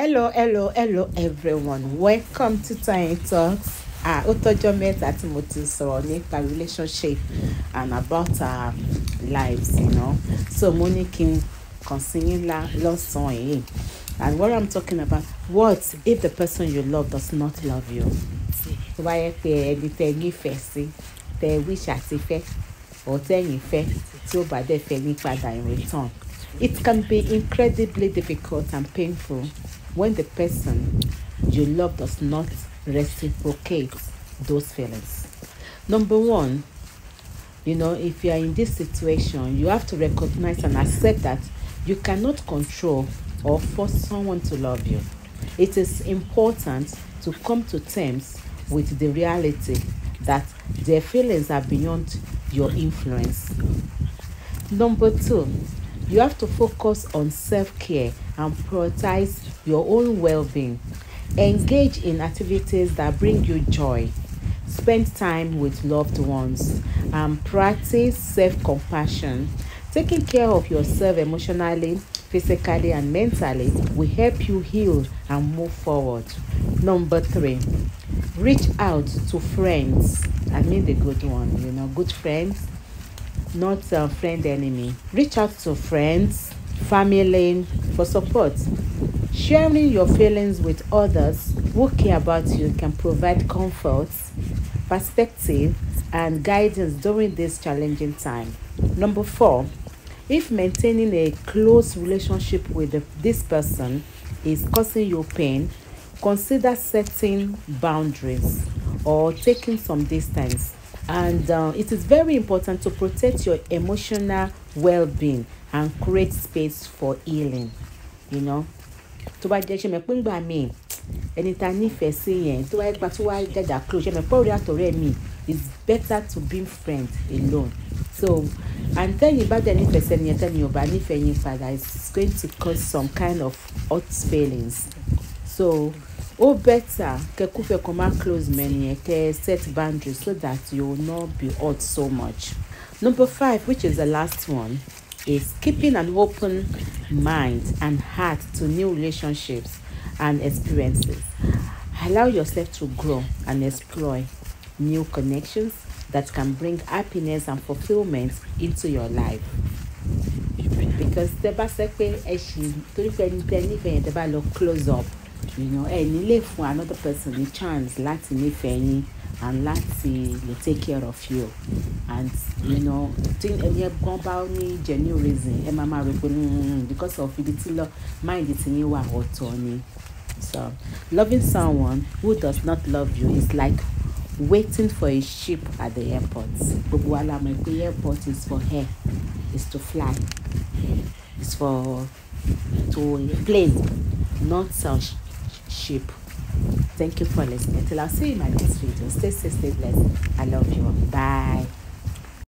hello hello hello everyone welcome to Toyin Talks ah ó tọ́jọ́ mẹ́ta tí mo ti sọ̀rọ̀ nípa relationship and about our lives you know so mo ní kí n kàn sí yín lọ́sàn-án yìí and what i'm talking about what if the person you love does not love you tó bá yẹ pé ẹni tẹ́ nífẹ̀ẹ́ sí tẹ́ wish àti fẹ́ or tẹ́yìn fẹ́ tí ó bá dẹ̀ fẹ́ yín padà in return it can be incredibly difficult and painful when the person you love does not reciprocate those feelings. Number one, you know, if you are in this situation, you have to recognize and accept that you cannot control or force someone to love you. It is important to come to terms with the reality that their feelings are beyond your influence. Number two, you have to focus on self care and prioritize your own well being. Engage in activities that bring you joy. Spend time with loved ones and practice self compassion. Taking care of yourself emotionally, physically, and mentally will help you heal and move forward. Number three, reach out to friends. I mean, the good one, you know, good friends, not a uh, friend enemy. Reach out to friends, family, for support. Sharing your feelings with others who care about you can provide comfort, perspective, and guidance during this challenging time. Number four, if maintaining a close relationship with this person is causing you pain, consider setting boundaries or taking some distance. And uh, it is very important to protect your emotional well being and create space for healing. you know tó bá jẹ́ ṣe mọ̀ pé ńgbà míì ẹni tá a nífẹ̀ẹ́ sí yẹn tó wáyé pa tó wáyé jàjà close ṣe mọ̀ pé orí àtọ̀rẹ́ mi it's better to be friends alone so and tẹ́yìn bá dẹ̀ nífẹ̀ẹ́ sẹ́ni yẹn tẹ́yìn ọba nífẹ̀ẹ́ yín padà it's going to cause some kind of hot feelings so ó better kẹkúfẹ́ kan má close mẹ́ni yẹn kẹ́ set boundaries so that you will not be hot so much. Number five, which is the last one, is keeping an open mind, and heart to new relationships and experiences. Allow yourself to grow and explore new connections that can bring happiness and fulfillment into your life. Because the bá sẹ pé ẹ ṣì torí pé ẹni close up you know, and you lè for another person ní chance me, if any. and láti lè take care of you and you know tí ẹni gan bá ní genuine reason ẹ máa máa rò pé hmm, because of ibi tí lọ mind ti yín wà ọ̀tọ̀ ni so loving someone who does not love you is like waiting for a ship at the airport gbogbo wa la mọ̀ pé airport is for air is to fly is for to plane, not such ship. Thank you for listening. Till I'll see you in my next video. Stay safe, stay blessed. I love you. Bye.